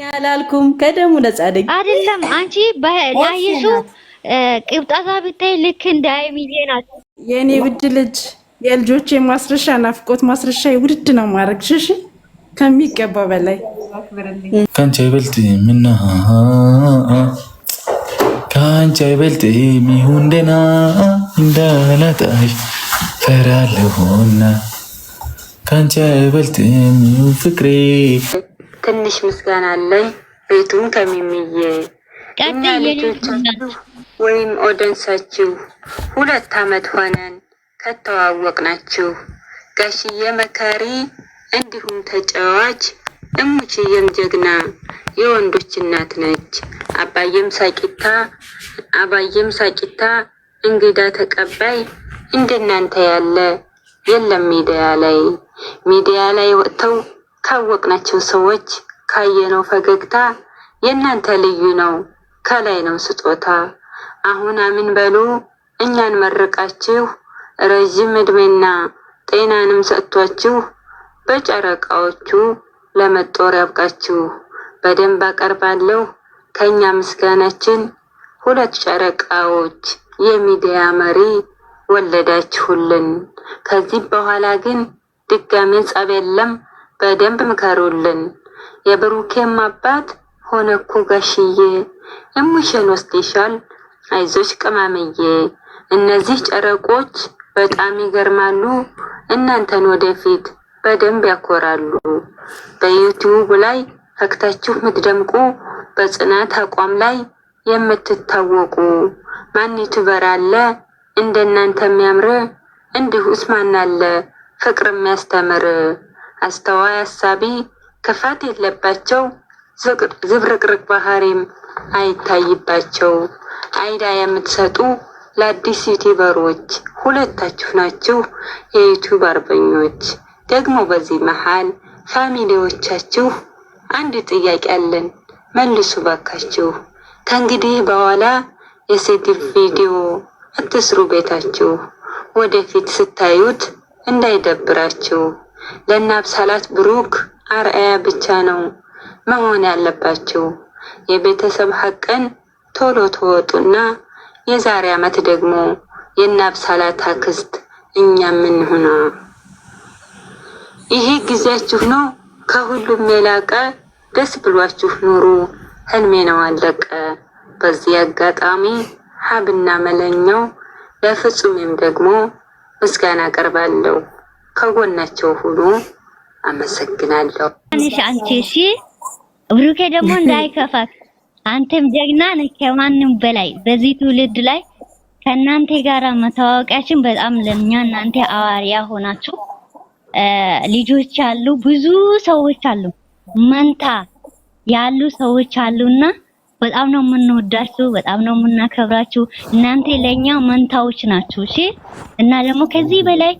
ያላልኩም ከደሙ ነጻ ነኝ። አይደለም አንቺ በላይሱ ቅብጣዛ ብታይ ልክ እንዳይ አይሚዬ ናት። የኔ ውድ ልጅ የልጆች የማስረሻ ናፍቆት ማስረሻ ውድድ ነው ሽሽ ከሚገባ በላይ ከአንቺ አይበልጥ ምና ከአንቺ አይበልጥ ሚሁን ደና እንዳላጣሽ ፈራለሁና ከአንቺ አይበልጥ ሚሁን ፍቅሬ ትንሽ ምስጋና አለኝ። ቤቱን ከሚሚዬ እና ልጆቻችሁ ወይም ኦደንሳችሁ ሁለት አመት ሆነን ከተዋወቅናችሁ። ጋሽዬ መካሪ እንዲሁም ተጫዋች፣ እሙችዬም ጀግና የወንዶች እናት ነች። አባዬም ሳቂታ አባዬም ሳቂታ እንግዳ ተቀባይ እንደናንተ ያለ የለም ሚዲያ ላይ ሚዲያ ላይ ወጥተው ካወቅናቸው ሰዎች ካየነው ፈገግታ የእናንተ ልዩ ነው፣ ከላይ ነው ስጦታ። አሁን አምን በሉ እኛን መርቃችሁ ረዥም እድሜና ጤናንም ሰጥቷችሁ በጨረቃዎቹ ለመጦር ያብቃችሁ። በደንብ አቀርባለሁ ከኛ ምስጋናችን ሁለት ጨረቃዎች የሚዲያ መሪ ወለዳችሁልን። ከዚህ በኋላ ግን ድጋሜ ጸብ የለም። በደንብ ምከሩልን። የብሩኬም አባት ሆነ እኮ ጋሽዬ፣ እሙሽን ወስደሻል። አይዞች ቅመምዬ፣ እነዚህ ጨረቆች በጣም ይገርማሉ። እናንተን ወደፊት በደንብ ያኮራሉ። በዩቲዩብ ላይ ፈክታችሁ ምትደምቁ፣ በጽናት አቋም ላይ የምትታወቁ ማን ዩቲዩበር አለ እንደናንተ የሚያምር? እንዲሁስ ማን አለ ፍቅር የሚያስተምር? አስተዋይ አሳቢ፣ ክፋት የለባቸው፣ ዝብርቅርቅ ባህሪም አይታይባቸው። አይዳ የምትሰጡ ለአዲስ በሮች ሁለታችሁ ናችሁ የዩቱብ አርበኞች። ደግሞ በዚህ መሃል ፋሚሊዎቻችሁ አንድ ጥያቄ አለን፣ መልሱ ባካችሁ። ከእንግዲህ በኋላ የሴት ቪዲዮ አትስሩ ቤታችሁ። ወደፊት ስታዩት እንዳይደብራችሁ ለአብሳላት ብሩክ አርአያ ብቻ ነው መሆን ያለባቸው። የቤተሰብ ሀቅን ቶሎ ተወጡና የዛሬ ዓመት ደግሞ የአብሳላት አክስት እኛ ምንሆነ ይሄ ጊዜያችሁ ነው። ከሁሉም የላቀ ደስ ብሏችሁ ኑሩ። ህልሜ ነው አለቀ። በዚህ አጋጣሚ ሀብና መለኛው ለፍጹምም ደግሞ ምስጋና አቀርባለሁ። ከጎናቸው ሁሉ አመሰግናለሁ። አንሽ አንቺ እሺ፣ ብሩኬ ደግሞ እንዳይከፋት አንተም ጀግና ነህ ከማንም በላይ በዚህ ትውልድ ላይ ከእናንተ ጋር መታወቂያችን በጣም ለኛ እናንተ አዋሪያ ሆናችሁ ልጆች አሉ፣ ብዙ ሰዎች አሉ፣ መንታ ያሉ ሰዎች አሉና በጣም ነው የምንወዳችሁ፣ በጣም ነው የምናከብራችሁ። እናንተ ለኛ መንታዎች ናችሁ። እሺ እና ደግሞ ከዚህ በላይ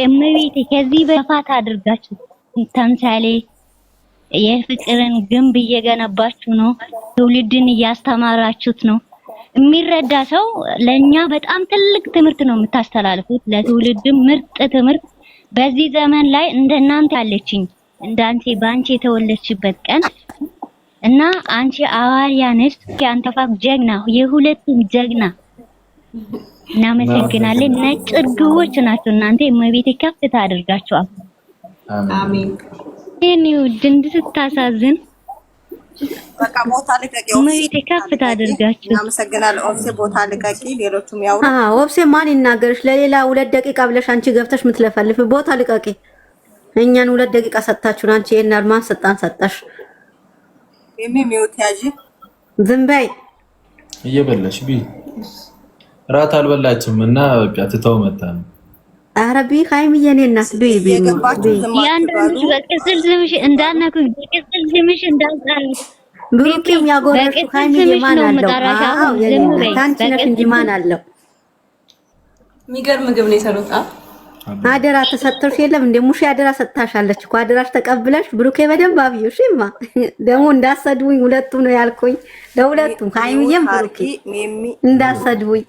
እምቤት ከዚህ በፋት አድርጋችሁ ተምሳሌ የፍቅርን ግንብ እየገነባችሁ ነው። ትውልድን እያስተማራችሁት ነው። የሚረዳ ሰው ለእኛ በጣም ትልቅ ትምህርት ነው የምታስተላልፉት፣ ለትውልድም ምርጥ ትምህርት። በዚህ ዘመን ላይ እንደናንተ ያለችኝ እንዳንቺ ባንቺ የተወለችበት ቀን እና አንቺ አዋሪያ ነሽ። ያንተፋፍ ጀግና የሁለቱም ጀግና እናመሰግናለን። ነጭ እርግቦች ናቸው እናንተ የመቤቴ ከፍታ ታደርጋችኋል። አሜን። ውድ እንዲህ ስታሳዝን በቃ መቤቴ ከፍ ታደርጋችሁ። እናመሰግናለን። ኦብሴ ቦታ ልቀቂ። ሌሎቹም ያው አዎ፣ ማን ይናገርሽ? ለሌላ ሁለት ደቂቃ ብለሽ አንቺ ገብተሽ የምትለፈልፍ ቦታ ልቀቂ። እኛን ሁለት ደቂቃ ሰጥታችሁን፣ አንቺ ይሄን አርማን ሰጣን ሰጣሽ። ዝም በይ እየበለሽ ቢ ራት አልበላችም እና በቃ ትተው መጣ ነው። ኧረ ቢ ሀይሚ የኔ እናት ቢ ቢ ያንዳንዱ በቅጽል ስምሽ እንዳነኩ በቅጽል ስምሽ እንዳልጣል ብሩኬም ያጎረሹ ሀይሚ የማን አለው? ታንቺ የኔ ነሽ እንጂ ማን አለው? የሚገርም ምግብ ነው የሰሩት። አደራ ተሰጥቶሽ የለም እንደ ሙሽ አደራ ሰጥታሻለች እኮ አደራሽ ተቀብለሽ ብሩኬ በደንብ አብዩሽ። ማ ደግሞ እንዳሰድቡኝ ሁለቱ ነው ያልኩኝ፣ ለሁለቱም ሀይሚዬም ብሩኬ እንዳሰድቡኝ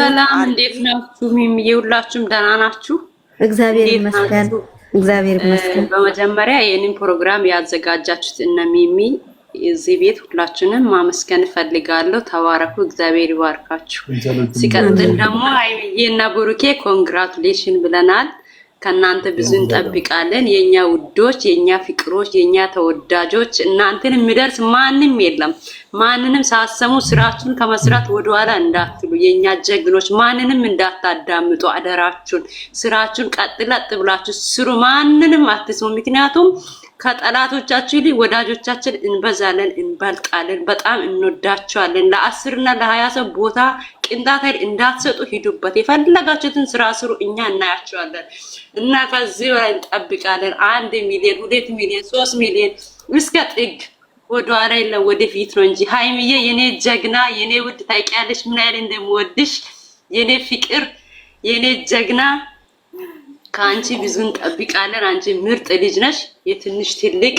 ሰላም እንዴት ናችሁ? ሚሚዬ ሁላችሁም ደህና ናችሁ? እግዚአብሔር ይመስገን። እግዚአብሔር ይመስገን። በመጀመሪያ ይህንን ፕሮግራም ያዘጋጃችሁት እነ ሚሚ እዚህ ቤት ሁላችንም ማመስገን እፈልጋለሁ። ተባረኩ፣ እግዚአብሔር ይባርካችሁ። ሲቀጥል ደግሞ አይብዬ እና ብሩኬ ኮንግራቱሌሽን ብለናል። ከእናንተ ብዙ እንጠብቃለን። የኛ ውዶች፣ የኛ ፍቅሮች፣ የኛ ተወዳጆች እናንተን የሚደርስ ማንም የለም። ማንንም ሳሰሙ ስራችሁን ከመስራት ወደኋላ እንዳትሉ፣ የኛ ጀግኖች፣ ማንንም እንዳታዳምጡ አደራችሁን። ስራችሁን ቀጥ ብላችሁ ስሩ። ማንንም አትስሙ፣ ምክንያቱም ከጠላቶቻችን ወዳጆቻችን እንበዛለን፣ እንበልጣለን። በጣም እንወዳቸዋለን። ለአስርና ለሀያ ሰው ቦታ ቅንጣት እንዳትሰጡ፣ ሂዱበት። የፈለጋችሁትን ስራ ስሩ። እኛ እናያቸዋለን እና ከዚህ በላይ እንጠብቃለን። አንድ ሚሊዮን፣ ሁለት ሚሊዮን፣ ሶስት ሚሊዮን እስከ ጥግ ወደኋላ የለም ወደፊት ነው እንጂ። ሀይሚዬ የኔ ጀግና፣ የኔ ውድ ታውቂያለሽ ምን ያህል እንደምወድሽ የኔ ፍቅር፣ የኔ ጀግና ከአንቺ ብዙ እንጠብቃለን። አንቺ ምርጥ ልጅ ነሽ። የትንሽ ትልቅ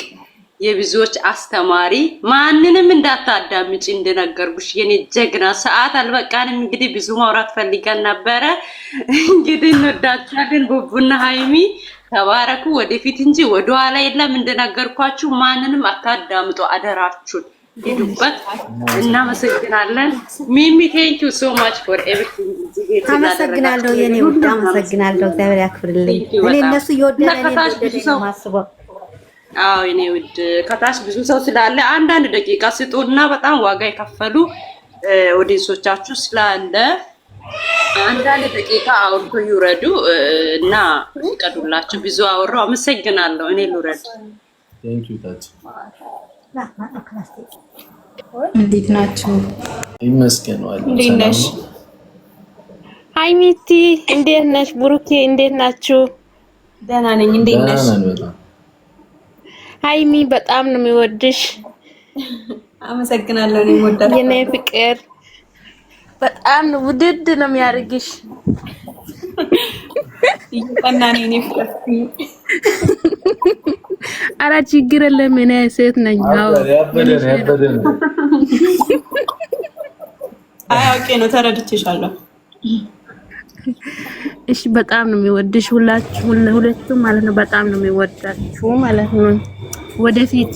የብዙዎች አስተማሪ ማንንም እንዳታዳምጪ እንደነገርኩሽ የኔ ጀግና። ሰዓት አልበቃንም። እንግዲህ ብዙ ማውራት ፈልገን ነበረ። እንግዲህ እንወዳችኋለን ቡቡና ሀይሚ ተባረኩ። ወደፊት እንጂ ወደኋላ የለም። እንደነገርኳችሁ ማንንም አታዳምጡ አደራችሁን። ሄዱበት። እናመሰግናለን። ሚሚ ቴንክ ሶ ማች ፎር ኤቭሪቲንግ። አመሰግናለሁ የኔ ውድ አመሰግናለሁ። እግዚአብሔር ያክብርልኝ። እኔ እነሱ የወደደ ማስበው አዎ እኔ ውድ ከታች ብዙ ሰው ስላለ አንዳንድ ደቂቃ ስጡና በጣም ዋጋ የከፈሉ ኦዲንሶቻችሁ ስላለ አንዳንድ ደቂቃ አውርቶ ይውረዱ እና ይቀዱላችሁ። ብዙ አወራው። አመሰግናለሁ። እኔ ልውረድ። እንዴት ናችሁ? ይመስገናል። ሀይሚቲ እንዴት ነሽ? ብሩኬ እንዴት ናችሁ? ደህና ነኝ። እንዴት ነሽ? ሀይሚ በጣም ነው የሚወድሽ። አመሰግናለሁ። እኔ የኔ ፍቅር በጣም ውድድ ነው የሚያደርግሽ። ይቀና ችግር የለም። እኔ ሴት ነኝ። አዎ አውቄ ነው ተረድቼሻለሁ። እሺ፣ በጣም ነው የሚወድሽ ሁላችሁ ሁለቱም ማለት ነው። በጣም ነው የሚወዳችሁ ማለት ነው። ወደፊት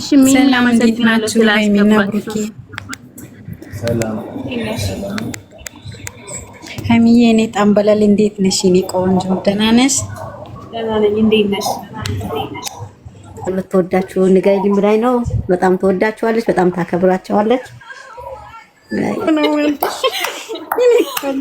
እሺ፣ ምን አመሰግናለሁ ስላስገባችሁ። ሀይሚዬ እኔ ጣምበላል እንዴት ነሽ? እኔ ቆንጆ ደህና ነሽ? የምትወዳችሁ ንገሪልኝ ብላኝ ነው። በጣም ትወዳችኋለች፣ በጣም ታከብራችኋለች። 不能不能打，你看。